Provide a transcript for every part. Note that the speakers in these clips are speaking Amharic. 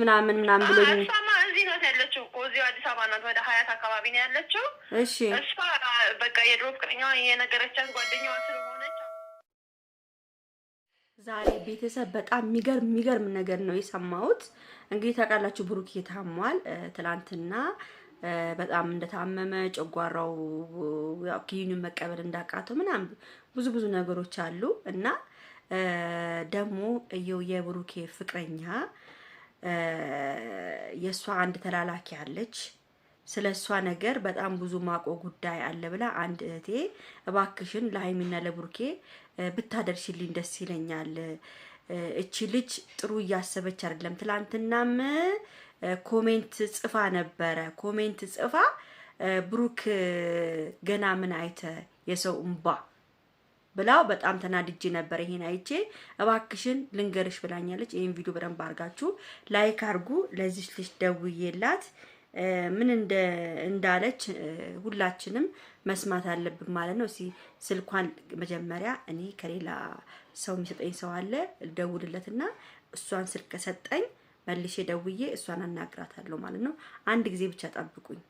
ምናምን ምናምን ብሎኝ እዚህ ናት ያለችው እኮ እዚሁ አዲስ አበባ ናት። ወደ ሀያት አካባቢ ነው ያለችው። እሺ እሷ በቃ የድሮ ፍቅረኛዋ የነገረቻት ጓደኛዋ ስለሆነች ዛሬ ቤተሰብ በጣም የሚገርም የሚገርም ነገር ነው የሰማሁት። እንግዲህ ታውቃላችሁ ብሩኬ ታሟል። ትላንትና በጣም እንደታመመ ጨጓራው ኪኒን መቀበል እንዳቃተው ምናምን ብዙ ብዙ ነገሮች አሉ እና ደግሞ የብሩኬ ፍቅረኛ የእሷ አንድ ተላላኪ አለች። ስለ እሷ ነገር በጣም ብዙ ማቆ ጉዳይ አለ ብላ አንድ እህቴ እባክሽን ለሀይሚና ለቡርኬ ብታደርሽልኝ ደስ ይለኛል። እቺ ልጅ ጥሩ እያሰበች አይደለም። ትላንትናም ኮሜንት ጽፋ ነበረ። ኮሜንት ጽፋ ብሩክ ገና ምን አይተ የሰው እምባ ብላው በጣም ተናድጄ ነበር። ይሄን አይቼ እባክሽን ልንገርሽ ብላኛለች። ይሄን ቪዲዮ በደንብ አድርጋችሁ ላይክ አድርጉ። ለዚች ልጅ ደውዬላት ምን እንደ እንዳለች ሁላችንም መስማት አለብን ማለት ነው። እስኪ ስልኳን መጀመሪያ እኔ ከሌላ ሰው የሚሰጠኝ ሰው አለ ደውልለትና እሷን ስልክ ከሰጠኝ መልሼ ደውዬ እሷን አናግራታለሁ ማለት ነው። አንድ ጊዜ ብቻ ጠብቁኝ።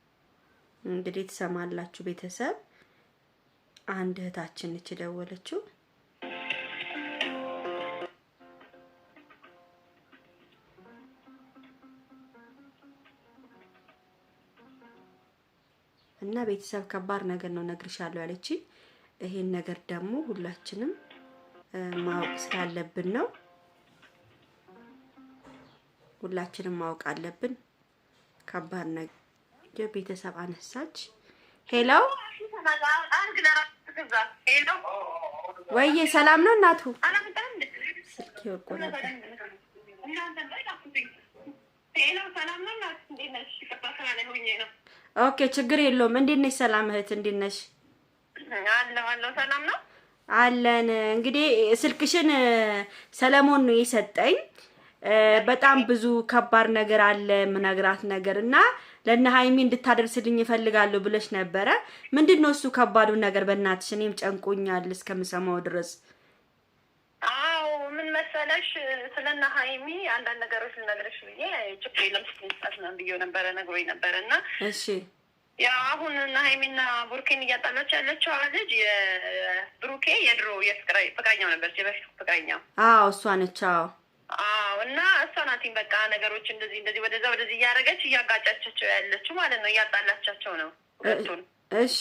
እንግዲህ ትሰማላችሁ ቤተሰብ አንድ እህታችን ነች የደወለችው። እና ቤተሰብ ከባድ ነገር ነው እነግርሻለሁ ያለች። ይሄን ነገር ደግሞ ሁላችንም ማወቅ ስላለብን ነው ሁላችንም ማወቅ አለብን። ከባድ ነገር የቤተሰብ አነሳች። ሄሎ ወይ ሰላም ነው እናቱ። ስልክ ወርቆ ነበር። ኦኬ ችግር የለውም። እንዴት ነሽ? ሰላም እህት እንዴት ነሽ? አለን እንግዲህ ስልክሽን ሰለሞን ነው የሰጠኝ በጣም ብዙ ከባድ ነገር አለ ምነግራት ነገር እና ለእነ ሀይሚ እንድታደርስልኝ እፈልጋለሁ ብለሽ ነበረ። ምንድን ነው እሱ ከባዱ ነገር? በእናትሽ እኔም ጨንቆኛል እስከምሰማው ድረስ። አዎ ምን መሰለሽ፣ ስለእነ ሀይሚ አንዳንድ ነገሮች ልነግርሽ ብዬ ችግር ለምስት ስትል ነው ብዬ ነበረ ነግሮኝ ነበረ እና እሺ ያ አሁን እና ሀይሚና ብሩኬን እያጣላች ያለችው ልጅ የብሩኬ የድሮ የፍቅረ ፍቅረኛው ነበር የበፊት ፍቅረኛው። አዎ እሷ ነች። አዎ እና እሷ ናቲን በቃ ነገሮች እንደዚህ እንደዚህ ወደዛ ወደዚህ እያደረገች እያጋጫቻቸው ያለችው ማለት ነው። እያጣላቻቸው ነው ሁለቱን። እሺ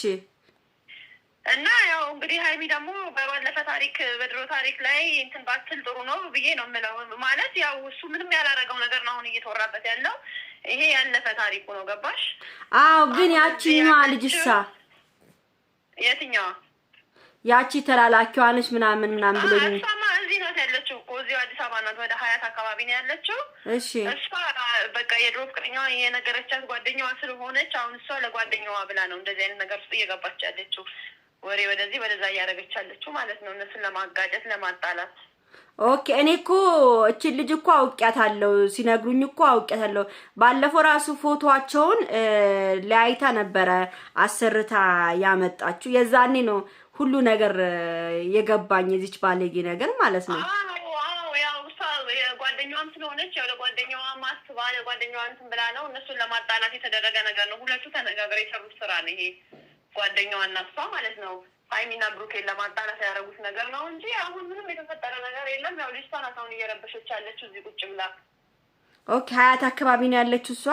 እና ያው እንግዲህ ሀይሚ ደግሞ በባለፈ ታሪክ በድሮ ታሪክ ላይ እንትን ባትል ጥሩ ነው ብዬ ነው የምለው። ማለት ያው እሱ ምንም ያላረገው ነገር ነው አሁን እየተወራበት ያለው ይሄ ያለፈ ታሪኩ ነው። ገባሽ? አዎ። ግን ያቺኛዋ ልጅሳ የትኛዋ ያቺ ተላላኪዋ ነች ምናምን ምናምን ብሎ ያለችው እዚሁ አዲስ አበባ ናት። ወደ ሀያት አካባቢ ነው ያለችው። እሺ እሷ በቃ የድሮ ፍቅረኛዋ የነገረቻት ጓደኛዋ ስለሆነች አሁን እሷ ለጓደኛዋ ብላ ነው እንደዚህ አይነት ነገር ውስጥ እየገባች ያለችው። ወሬ ወደዚህ ወደዛ እያደረገች ያለችው ማለት ነው፣ እነሱን ለማጋጨት ለማጣላት። ኦኬ እኔ እኮ እችን ልጅ እኮ አውቂያታለሁ፣ ሲነግሩኝ እኮ አውቂያታለሁ። ባለፈው ራሱ ፎቶቸውን ለያይታ ነበረ አሰርታ ያመጣችሁ። የዛኔ ነው ሁሉ ነገር የገባኝ የዚች ባለጌ ነገር ማለት ነው። ጓደኛዋም ስለሆነች ያው ለጓደኛዋ ማስባ ለጓደኛዋ እንትን ብላ ነው እነሱን ለማጣናት የተደረገ ነገር ነው። ሁለቱ ተነጋግረው የሰሩት ስራ ነው ይሄ ጓደኛዋ እና እሷ ማለት ነው። ሀይሚና ብሩኬን ለማጣናት ያደረጉት ነገር ነው እንጂ አሁን ምንም የተፈጠረ ነገር የለም። ያው ልጅቷ ናት አሁን እየረበሸች ያለችው እዚህ ቁጭ ብላ። ኦኬ ሀያት አካባቢ ነው ያለችው እሷ።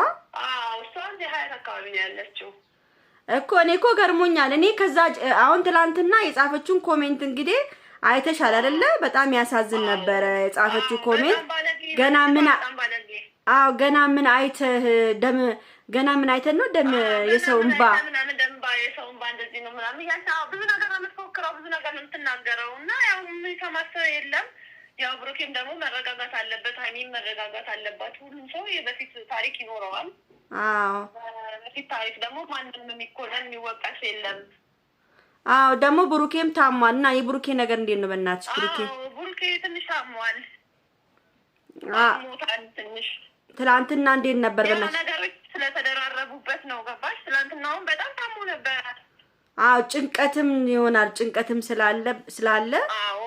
አዎ እሷ እዚህ ሀያት አካባቢ ነው ያለችው እኮ። እኔ እኮ ገርሞኛል። እኔ ከዛ አሁን ትላንትና የጻፈችውን ኮሜንት እንግዲህ አይተሻል አይደለ? በጣም ያሳዝን ነበረ የጻፈችው ኮሜንት። ገና ምን አዎ፣ ገና ምን አይተህ ደም ገና ምን አይተህ ነው ደም የሰው እንባ ብዙ ነገር ነው የምትፎክረው፣ ብዙ ነገር ነው የምትናገረው። እና ያው የሚሰማት ሰው የለም። ያው ብሩኬም ደግሞ መረጋጋት አለበት፣ ሀይሚም መረጋጋት አለባት። ሁሉም ሰው የበፊት ታሪክ ይኖረዋል። በፊት ታሪክ ደግሞ ማንም የሚኮነን የሚወቀስ የለም። አዎ ደግሞ ብሩኬም ታሟል እና የብሩኬ ነገር እንዴት ነው? በእናትሽ ብሩኬ ብሩኬ ትንሽ ታሟል። ትላንትና እንዴት ነበር? በእናትሽ ነገሮች ስለተደራረቡበት ነው ገባሽ? ትላንትናውን በጣም ታሞ ነበር። አዎ ጭንቀትም ይሆናል ጭንቀትም ስላለ ስላለ አዎ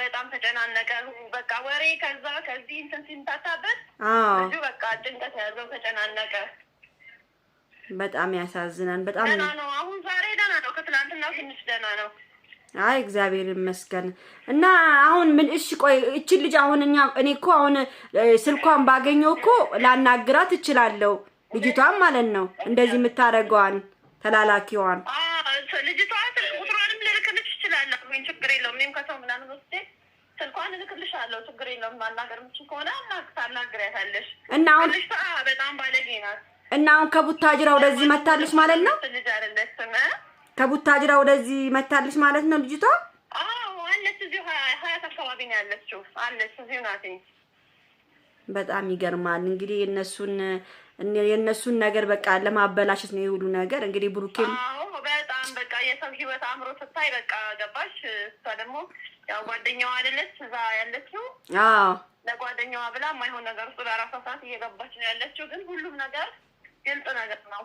በጣም ተጨናነቀ። በቃ ወሬ ከዛ ከዚህ እንትን ሲምታታበት አዎ በቃ ጭንቀት ያዘው ተጨናነቀ። በጣም ያሳዝናል። በጣም ደህና ነው። አሁን ዛሬ ደህና ነው። ከትላንትናው ትንሽ ደህና ነው። አይ እግዚአብሔር ይመስገን። እና አሁን ምን እሺ፣ ቆይ እቺ ልጅ አሁን እኛ እኔ እኮ አሁን ስልኳን ባገኘው እኮ ላናግራት እችላለሁ። ልጅቷን ማለት ነው እንደዚህ የምታደርገዋን ተላላኪዋን ልጅቷ ስልክ ቁጥሯንም ልልክልሽ እችላለሁ። ችግር የለውም። እኔም ከሰው ምናምን ወስጄ ስልኳን እልክልሻለሁ። ችግር የለውም። ማናገር የምችል ከሆነ አናግሪያታለሽ። እና አሁን ልጅቷ በጣም ባለጌ ናት። እና አሁን ከቡታጅራ ወደዚህ መታለች ማለት ነው። ከቡታጅራ ወደዚህ መታለች ማለት ነው። ልጅቷ አለች እዚሁ ሀያት አካባቢ ነው ያለችው። አለች እዚሁ ናት። በጣም ይገርማል። እንግዲህ የነሱን የእነሱን ነገር በቃ ለማበላሸት ነው የሁሉ ነገር። እንግዲህ ብሩኬም በጣም በቃ የሰው ህይወት አእምሮ ስታይ በቃ ገባሽ። እሷ ደግሞ ያው ጓደኛዋ አይደለች እዛ ያለችው ለጓደኛዋ ብላ ማይሆን ነገር ውስጥ ለራሷ ሰዓት እየገባች ነው ያለችው። ግን ሁሉም ነገር ግልጽ ነገር ነው።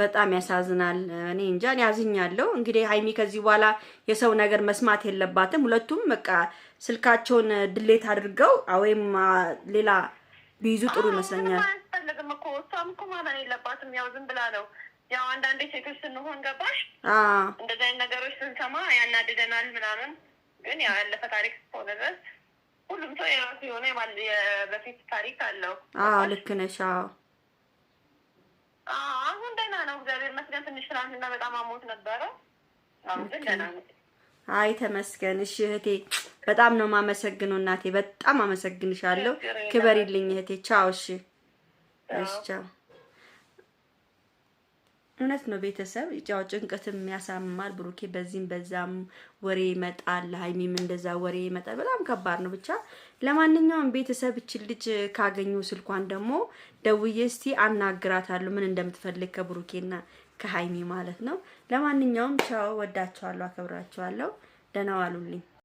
በጣም ያሳዝናል። እኔ እንጃ ያዝኛለሁ። እንግዲህ ሀይሚ ከዚህ በኋላ የሰው ነገር መስማት የለባትም። ሁለቱም በቃ ስልካቸውን ድሌት አድርገው ወይም ሌላ ቢይዙ ጥሩ ይመስለኛል። አያስፈልግም እኮ እሷም እኮ ማመን የለባትም። ያው ዝም ብላ ነው። ያው አንዳንዴ ሴቶች ስንሆን ገባሽ፣ እንደዚህ አይነት ነገሮች ስንሰማ ያናድደናል ምናምን። ግን ያው ያለፈ ታሪክ እስከሆነ ድረስ ሁሉም ሰው የራሱ የሆነ በፊት ታሪክ አለው። ልክ ነሽ። አሁን ደህና ነው፣ እግዚአብሔር ይመስገን። ትንሽ ትናንትና በጣም አሞት ነበረ። አሁን ግን ነው። አይ ተመስገን። እሺ እህቴ በጣም ነው የማመሰግነው። እናቴ በጣም አመሰግንሻለሁ። ክበሪልኝ እህቴ። ቻው። እሺ፣ እሺ፣ ቻው። እውነት ነው። ቤተሰብ ያው ጭንቀትም ያሳምማል። ብሩኬ በዚህም በዛም ወሬ ይመጣል፣ ሀይሚም እንደዛ ወሬ ይመጣል። በጣም ከባድ ነው። ብቻ ለማንኛውም ቤተሰብ እችን ልጅ ካገኙ ስልኳን ደግሞ ደውዬ እስቲ አናግራታለሁ ምን እንደምትፈልግ ከብሩኬና ከሀይሚ ማለት ነው። ለማንኛውም ቻው፣ ወዳችኋለሁ፣ አከብራቸዋለሁ። ደህና ዋሉልኝ።